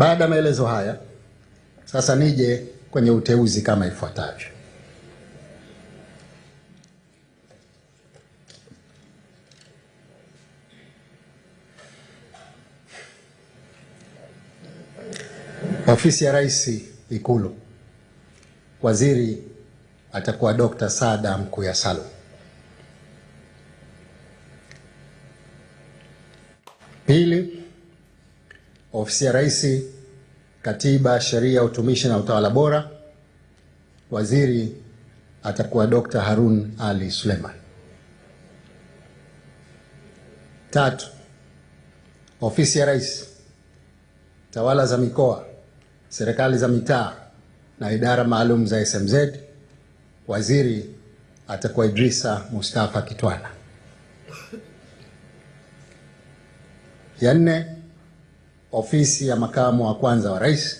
Baada ya maelezo haya, sasa nije kwenye uteuzi kama ifuatavyo. Ofisi ya Rais Ikulu, waziri atakuwa Dr. Saada Mkuya Salum. Ofisi ya Rais, Katiba, Sheria, Utumishi na Utawala Bora, waziri atakuwa Dr. Harun Ali Suleiman. Tatu, Ofisi ya Rais, Tawala za Mikoa, Serikali za Mitaa na Idara Maalum za SMZ, waziri atakuwa Idrisa Mustafa Kitwana. Ya nne ofisi ya makamu wa kwanza wa rais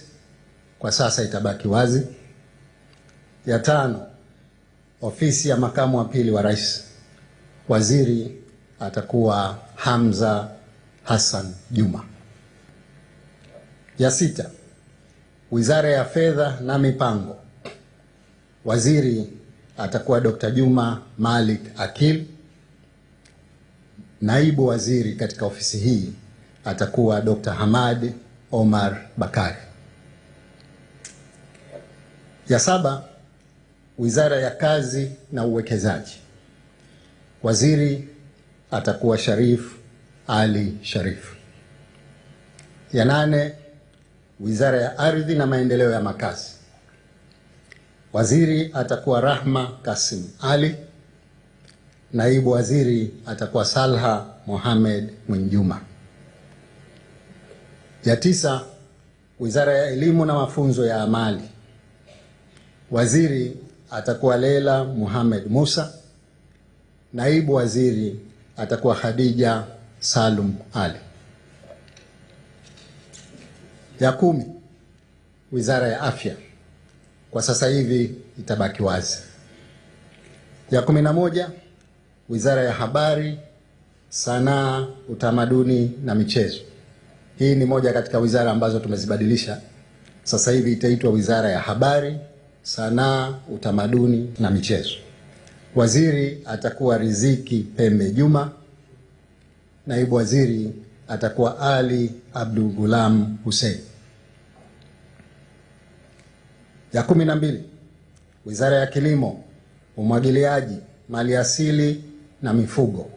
kwa sasa itabaki wazi. Ya tano, ofisi ya makamu wa pili wa rais, waziri atakuwa Hamza Hassan Juma. Ya sita, wizara ya fedha na mipango, waziri atakuwa Dr. Juma Malik Akil. Naibu waziri katika ofisi hii atakuwa Dr. Hamad Omar Bakari. Ya saba, Wizara ya Kazi na Uwekezaji. Waziri atakuwa Sharif Ali Sharif. Ya nane, Wizara ya Ardhi na Maendeleo ya Makazi. Waziri atakuwa Rahma Kasim Ali. Naibu waziri atakuwa Salha Mohamed Mwinjuma. Ya tisa, Wizara ya Elimu na Mafunzo ya Amali, waziri atakuwa Leila Muhamed Musa, naibu waziri atakuwa Khadija Salum Ali. Ya kumi, Wizara ya Afya kwa sasa hivi itabaki wazi. Ya kumi na moja, Wizara ya Habari, Sanaa, Utamaduni na Michezo. Hii ni moja katika wizara ambazo tumezibadilisha. Sasa hivi itaitwa Wizara ya Habari, Sanaa, Utamaduni na Michezo. Waziri atakuwa Riziki Pembe Juma, naibu waziri atakuwa Ali Abdul Gulam Hussein. Ya kumi na mbili, Wizara ya Kilimo, Umwagiliaji, Maliasili na Mifugo.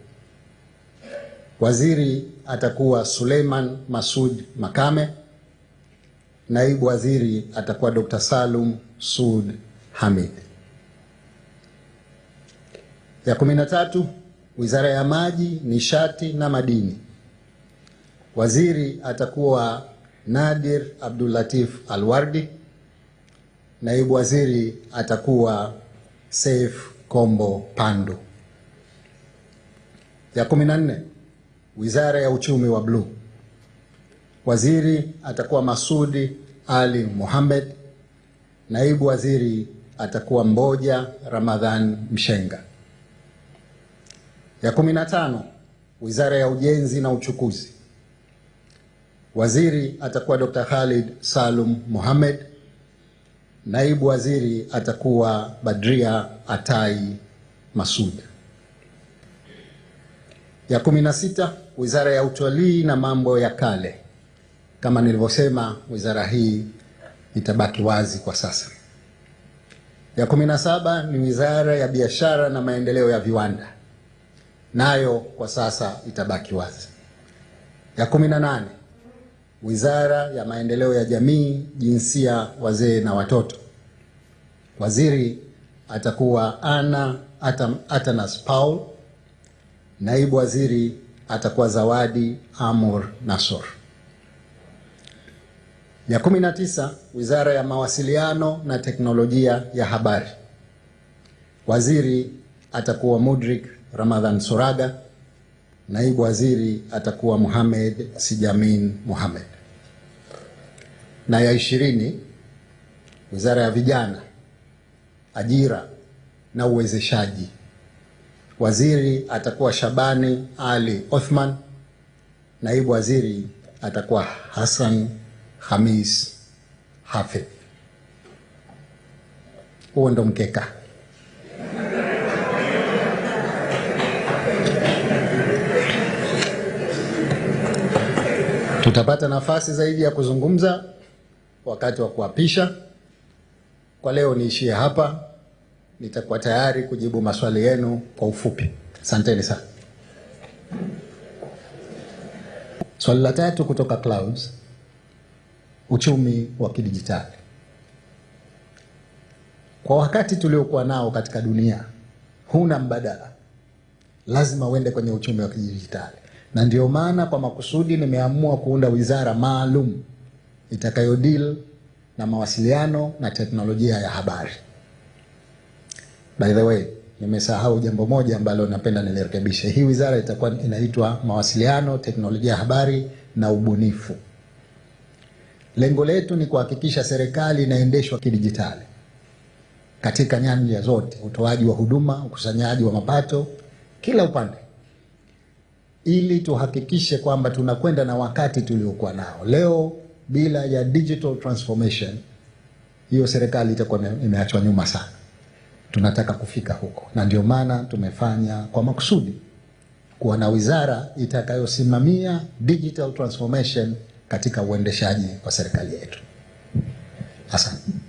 Waziri atakuwa Suleiman Masud Makame, naibu waziri atakuwa Dr. Salum Sud Hamid. Ya kumi na tatu, Wizara ya Maji, Nishati na Madini. Waziri atakuwa Nadir Abdulatif Alwardi, naibu waziri atakuwa Saif Kombo Pandu. Ya kumi na nne Wizara ya uchumi wa bluu, waziri atakuwa Masudi Ali Mohamed, naibu waziri atakuwa Mboja Ramadhan Mshenga. Ya kumi na tano, wizara ya ujenzi na uchukuzi, waziri atakuwa Dr. Khalid Salum Mohamed, naibu waziri atakuwa Badria Atai Masud. Ya kumi na sita, Wizara ya Utalii na Mambo ya Kale. Kama nilivyosema, wizara hii itabaki wazi kwa sasa. Ya kumi na saba ni Wizara ya Biashara na Maendeleo ya Viwanda, nayo kwa sasa itabaki wazi. Ya kumi na nane Wizara ya Maendeleo ya Jamii, Jinsia, Wazee na Watoto. Waziri atakuwa Anna Atanas Paul Naibu waziri atakuwa Zawadi Amur Nasor. Ya kumi na tisa, Wizara ya Mawasiliano na Teknolojia ya Habari. Waziri atakuwa Mudrik Ramadhan suraga Naibu waziri atakuwa Muhamed Sijamin Muhamed. Na ya ishirini, Wizara ya Vijana, Ajira na Uwezeshaji Waziri atakuwa Shabani Ali Othman, naibu waziri atakuwa Hassan Hamis Hafidh. Huo ndo mkeka. Tutapata nafasi zaidi ya kuzungumza wakati wa kuapisha. Kwa leo niishie hapa nitakuwa tayari kujibu maswali yenu kwa ufupi. Asanteni sana. Swali la tatu kutoka Clouds, uchumi wa kidijitali. Kwa wakati tuliokuwa nao katika dunia, huna mbadala, lazima uende kwenye uchumi wa kidijitali, na ndio maana kwa makusudi nimeamua kuunda wizara maalum itakayodeal na mawasiliano na teknolojia ya habari. By the way, nimesahau jambo moja ambalo napenda nilirekebishe. Hii wizara itakuwa inaitwa Mawasiliano, Teknolojia ya Habari na Ubunifu. Lengo letu ni kuhakikisha serikali inaendeshwa kidijitali katika nyanja zote, utoaji wa huduma, ukusanyaji wa mapato, kila upande, ili tuhakikishe kwamba tunakwenda na wakati tuliokuwa nao leo. Bila ya digital transformation, hiyo serikali itakuwa imeachwa nyuma sana tunataka kufika huko, na ndio maana tumefanya kwa makusudi kuwa na wizara itakayosimamia digital transformation katika uendeshaji wa serikali yetu. Asante.